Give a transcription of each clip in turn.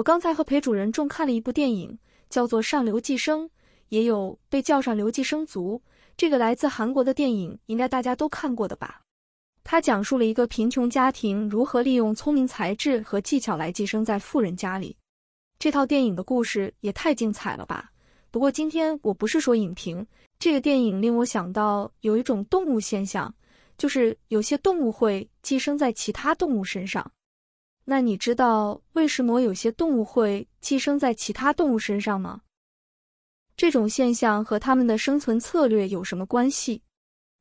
我剛才和陪主人重看了一部電影，叫做《上流寄生》，也有被叫上流寄生族。這個來自韓國的電影，應該大家都看過的吧？它講述了一個貧窮家庭如何利用聰明才智和技巧來寄生在富人家裡。這套電影的故事也太精彩了吧！不過今天我不是說影評，這個電影令我想到有一種動物現象，就是有些動物會寄生在其他動物身上。那你知道為什麼有些動物會寄生在其他動物身上嗎？這種現象和它們的生存策略有什麼關係？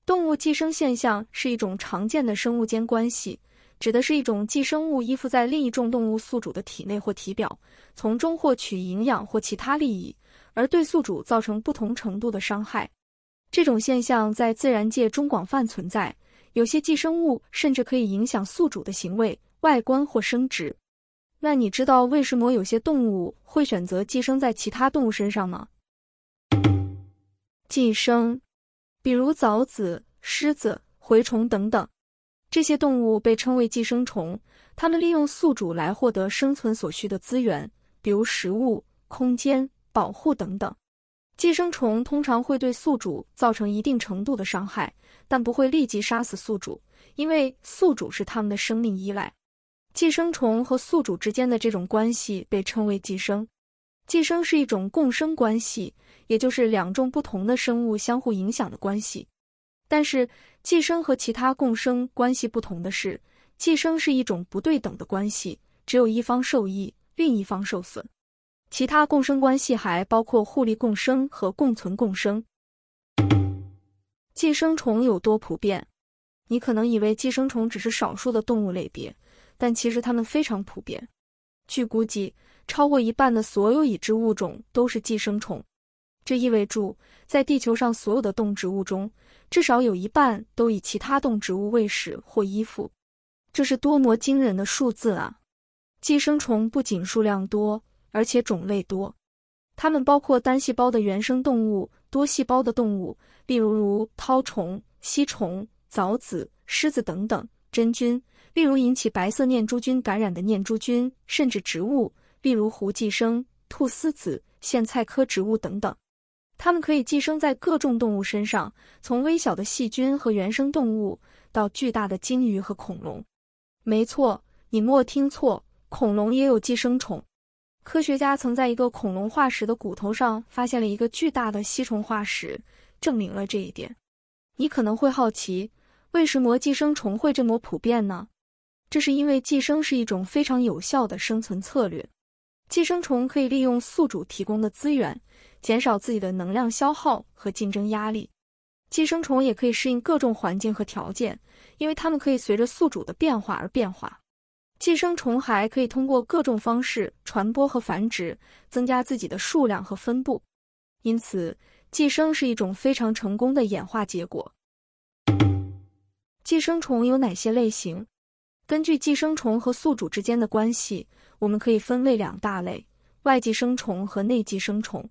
動物寄生現象是一種常見的生物間關係，指的是一種寄生物依附在另一種動物宿主的體內或體表，從中獲取營養或其他利益，而對宿主造成不同程度的傷害。這種現象在自然界中廣泛存在，有些寄生物甚至可以影響宿主的行為。外觀或生殖，那你知道為什麼有些動物會選擇寄生在其他動物身上嗎？寄生，比如蚤子、蝨子、蛔蟲等等，這些動物被稱為寄生蟲。它們利用宿主來獲得生存所需的資源，比如食物、空間、保護等等。寄生蟲通常會對宿主造成一定程度的傷害，但不會立即殺死宿主，因為宿主是它們的生命依賴。寄生蟲和宿主之間的這種關係被稱為寄生。寄生是一種共生關係，也就是兩種不同的生物相互影響的關係。但是，寄生和其他共生關係不同的是，寄生是一種不對等的關係，只有一方受益，另一方受損。其他共生關係還包括互利共生和共存共生。寄生蟲有多普遍？你可能以為寄生蟲只是少數的動物類別。但其實它們非常普遍，據估計，超過一半的所有已知物種都是寄生蟲。這意味着，在地球上所有的動植物中，至少有一半都以其他動植物為食或依附。這是多麼驚人的數字啊！寄生蟲不僅數量多，而且種類多，它們包括單細胞的原生動物、多細胞的動物，例如如絛蟲、吸蟲、蚤子、蝨子等等。真菌，例如引起白色念珠菌感染的念珠菌，甚至植物，例如槲寄生、菟絲子、莧菜科植物等等。它們可以寄生在各種動物身上，從微小的細菌和原生動物到巨大的鯨魚和恐龍。沒錯，你莫聽錯，恐龍也有寄生蟲。科學家曾在一個恐龍化石的骨頭上發現了一個巨大的吸蟲化石，證明了這一點。你可能會好奇。為什麼寄生蟲會這麼普遍呢？這是因為寄生是一種非常有效的生存策略。寄生蟲可以利用宿主提供的資源，減少自己的能量消耗和競爭壓力。寄生蟲也可以適應各種環境和條件，因為它們可以隨着宿主的變化而變化。寄生蟲還可以通過各種方式傳播和繁殖，增加自己的數量和分布。因此，寄生是一種非常成功的演化結果。寄生蟲有哪些類型？根據寄生蟲和宿主之間的關係，我們可以分為兩大類：外寄生蟲和內寄生蟲。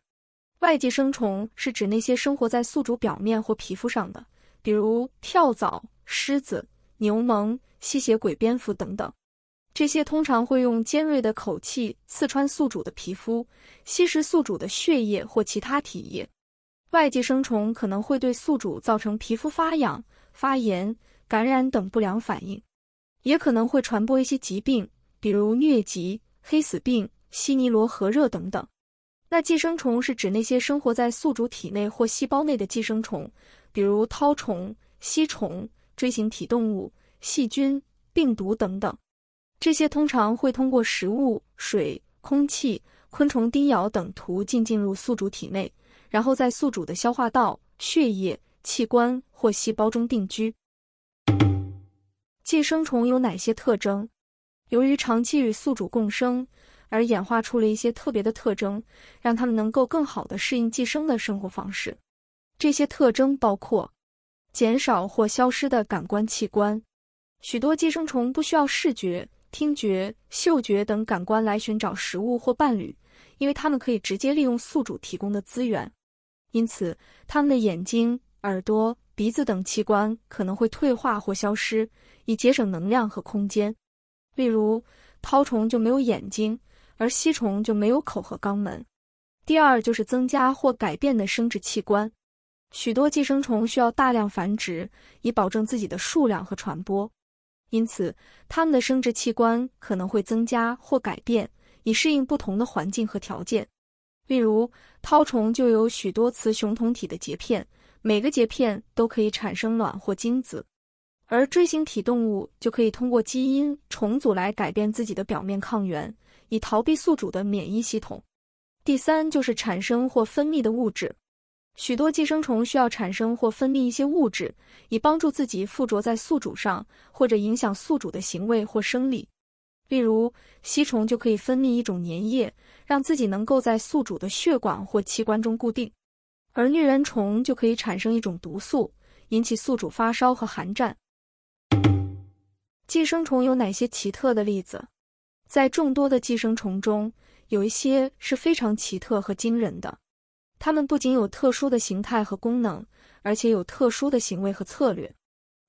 外寄生蟲是指那些生活在宿主表面或皮膚上的，比如跳蚤、蝨子、牛虻、吸血鬼、蝙蝠等等。這些通常會用尖銳的口器刺穿宿主的皮膚，吸食宿主的血液或其他體液。外寄生蟲可能會對宿主造成皮膚發癢、發炎，感染等不良反應，也可能會傳播一些疾病，比如瘧疾、黑死病、西尼羅河熱等等。那寄生蟲是指那些生活在宿主體內或細胞內的寄生蟲，比如絛蟲、吸蟲、錐形體動物、細菌、病毒等等。這些通常會通過食物、水、空氣、昆蟲叮咬等途徑進，進入宿主體內，然後在宿主的消化道、血液、器官或細胞中定居。寄生蟲有哪些特徵？由於長期與宿主共生，而演化出了一些特別的特徵，讓它們能夠更好地適應寄生的生活方式。這些特徵包括減少或消失的感官器官。許多寄生蟲不需要視覺、聽覺、嗅覺等感官來尋找食物或伴侶，因為它們可以直接利用宿主提供的資源。因此，它們的眼睛、耳朵、鼻子等器官可能會退化或消失，以節省能量和空間。例如，絛蟲就沒有眼睛，而吸蟲就沒有口和肛門。第二就是增加或改變的生殖器官。許多寄生蟲需要大量繁殖，以保證自己的數量和傳播。因此，它們的生殖器官可能會增加或改變，以適應不同的環境和條件。例如，絛蟲就有許多雌雄同體的節片。每個節片都可以產生卵或精子，而錐形體動物就可以通過基因重組來改變自己的表面抗原，以逃避宿主的免疫系統。第三就是產生或分泌的物質，許多寄生蟲需要產生或分泌一些物質，以幫助自己附着在宿主上，或者影響宿主的行為或生理。例如，吸蟲就可以分泌一種粘液，讓自己能夠在宿主的血管或器官中固定。而瘧原蟲就可以產生一種毒素，引起宿主發燒和寒戰。寄生蟲有哪些奇特的例子？在眾多的寄生蟲中，有一些是非常奇特和驚人的，它們不僅有特殊的形態和功能，而且有特殊的行為和策略。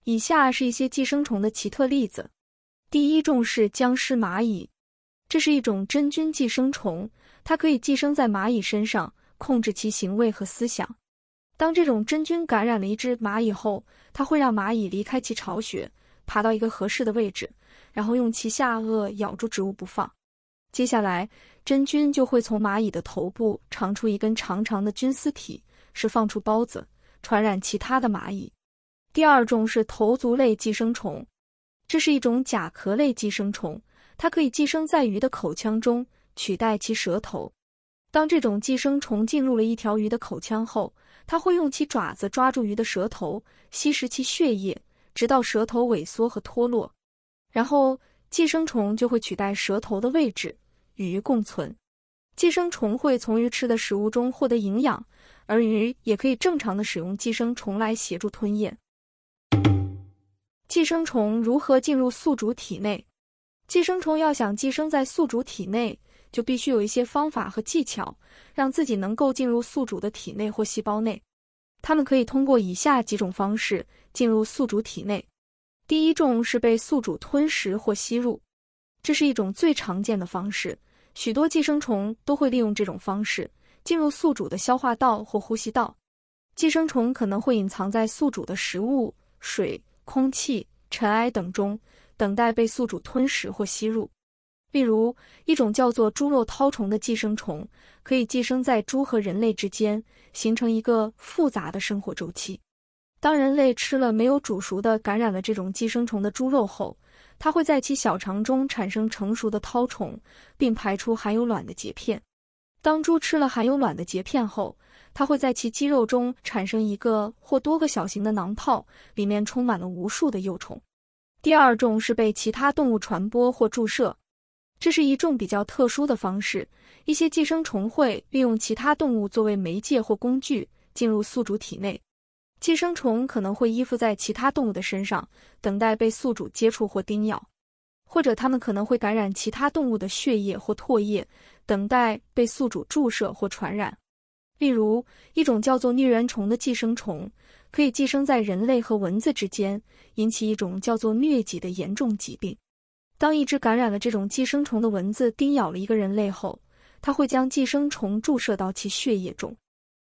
以下是一些寄生蟲的奇特例子：第一種是僵屍螞蟻，這是一種真菌寄生蟲，它可以寄生在螞蟻身上。控制其行為和思想。當這種真菌感染了一隻螞蟻後，它會讓螞蟻離開其巢穴，爬到一個合適的位置，然後用其下顎咬住植物不放。接下來，真菌就會從螞蟻的頭部長出一根長長的菌絲體，釋放出孢子，傳染其他的螞蟻。第二種是頭足類寄生蟲，這是一種甲殼類寄生蟲，它可以寄生在魚的口腔中，取代其舌頭。當這種寄生蟲進入了一條魚的口腔後，它會用其爪子抓住魚的舌頭，吸食其血液，直到舌頭萎縮和脫落，然後寄生蟲就會取代舌頭的位置，與魚共存。寄生蟲會從魚吃的食物中獲得營養，而魚也可以正常的使用寄生蟲來協助吞嚥。寄生蟲如何進入宿主體內？寄生蟲要想寄生在宿主體內。就必須有一些方法和技巧，讓自己能夠進入宿主的體內或細胞內。它們可以通過以下幾種方式進入宿主體內：第一種是被宿主吞食或吸入，這是一種最常見的方式，許多寄生蟲都會利用這種方式進入宿主的消化道或呼吸道。寄生蟲可能會隱藏在宿主的食物、水、空氣、塵埃等中，等待被宿主吞食或吸入。例如，一種叫做豬肉絛蟲的寄生蟲，可以寄生在豬和人類之間，形成一個複雜的生活週期。當人類吃了沒有煮熟的感染了這種寄生蟲的豬肉後，它會在其小腸中產生成熟的絛蟲，並排出含有卵的節片。當豬吃了含有卵的節片後，它會在其肌肉中產生一個或多個小型的囊泡，裡面充滿了無數的幼蟲。第二種是被其他動物傳播或注射。這是一種比較特殊的方式，一些寄生蟲會利用其他動物作為媒介或工具進入宿主體內。寄生蟲可能會依附在其他動物的身上，等待被宿主接觸或叮咬；或者它們可能會感染其他動物的血液或唾液，等待被宿主注射或傳染。例如，一種叫做瘧原蟲的寄生蟲，可以寄生在人類和蚊子之間，引起一種叫做瘧疾的嚴重疾病。當一隻感染了這種寄生蟲的蚊子叮咬了一個人類後，它會將寄生蟲注射到其血液中。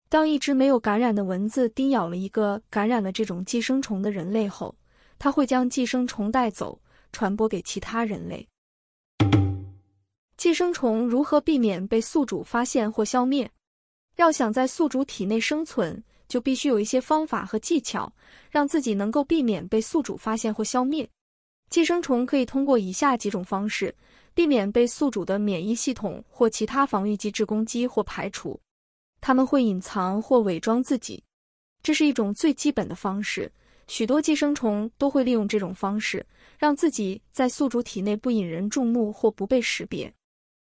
當一隻沒有感染的蚊子叮咬了一個感染了這種寄生蟲的人類後，它會將寄生蟲帶走，傳播給其他人類。寄生蟲如何避免被宿主發現或消滅？要想在宿主體內生存，就必須有一些方法和技巧，讓自己能夠避免被宿主發現或消滅。寄生蟲可以通過以下幾種方式避免被宿主的免疫系統或其他防御機制攻擊或排除。它們會隱藏或偽裝自己，這是一種最基本的方式。許多寄生蟲都會利用這種方式，讓自己在宿主體內不引人注目或不被識別。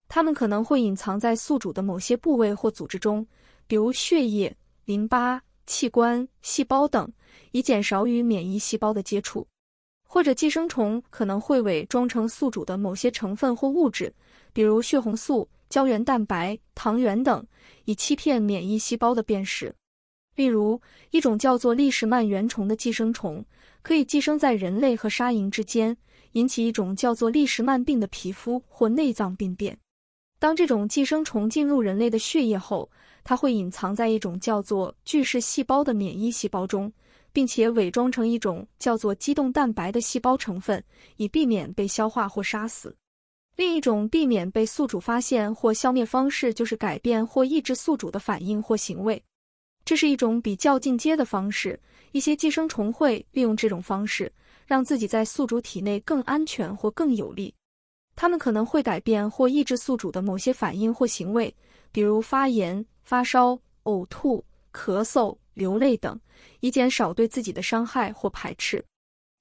它們可能會隱藏在宿主的某些部位或組織中，比如血液、淋巴、器官、細胞等，以減少與免疫細胞的接觸。或者寄生蟲可能會偽裝成宿主的某些成分或物質，比如血紅素、膠原蛋白、糖原等，以欺騙免疫細胞的辨識。例如，一種叫做利什曼原蟲的寄生蟲，可以寄生在人類和沙蠅之間，引起一種叫做利什曼病的皮膚或內臟病變。當這種寄生蟲進入人類的血液後，它會隱藏在一種叫做巨噬細胞的免疫細胞中。並且偽裝成一種叫做肌動蛋白的細胞成分，以避免被消化或殺死。另一種避免被宿主發現或消滅方式就是改變或抑制宿主的反應或行為。這是一種比較進階的方式，一些寄生蟲會利用這種方式，讓自己在宿主體內更安全或更有利。它們可能會改變或抑制宿主的某些反應或行為，比如發炎、發燒、嘔吐。咳嗽、流淚等，以減少對自己的傷害或排斥；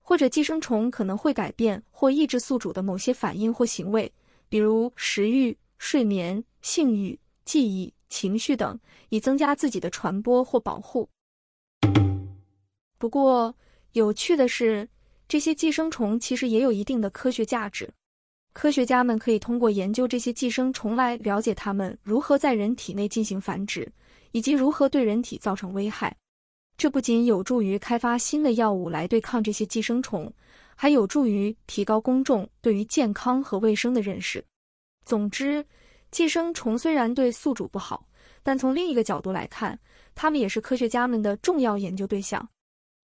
或者寄生蟲可能會改變或抑制宿主的某些反應或行為，比如食欲、睡眠、性欲、記憶、情緒等，以增加自己的傳播或保護。不過，有趣的是，這些寄生蟲其實也有一定的科學價值。科學家們可以通過研究這些寄生蟲來了解它們如何在人體內進行繁殖。以及如何對人體造成危害，這不僅有助於開發新的藥物來對抗這些寄生蟲，還有助於提高公眾對於健康和衛生的認識。總之，寄生蟲雖然對宿主不好，但從另一個角度來看，它們也是科學家們的重要研究對象。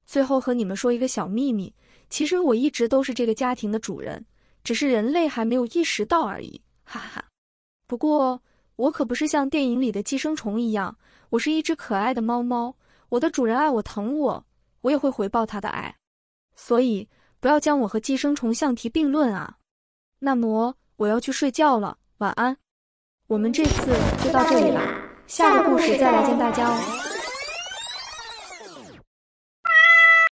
最後和你們說一個小祕密，其實我一直都是這個家庭的主人，只是人類還沒有意識到而已。哈哈，不過。我可不是像電影裡的寄生蟲一樣，我是一隻可愛的貓貓。我的主人愛我疼我，我也會回報他的愛。所以不要將我和寄生蟲相提並論啊！那麼我要去睡覺了，晚安。我們這次就到這裡了，下個故事再來見大家哦。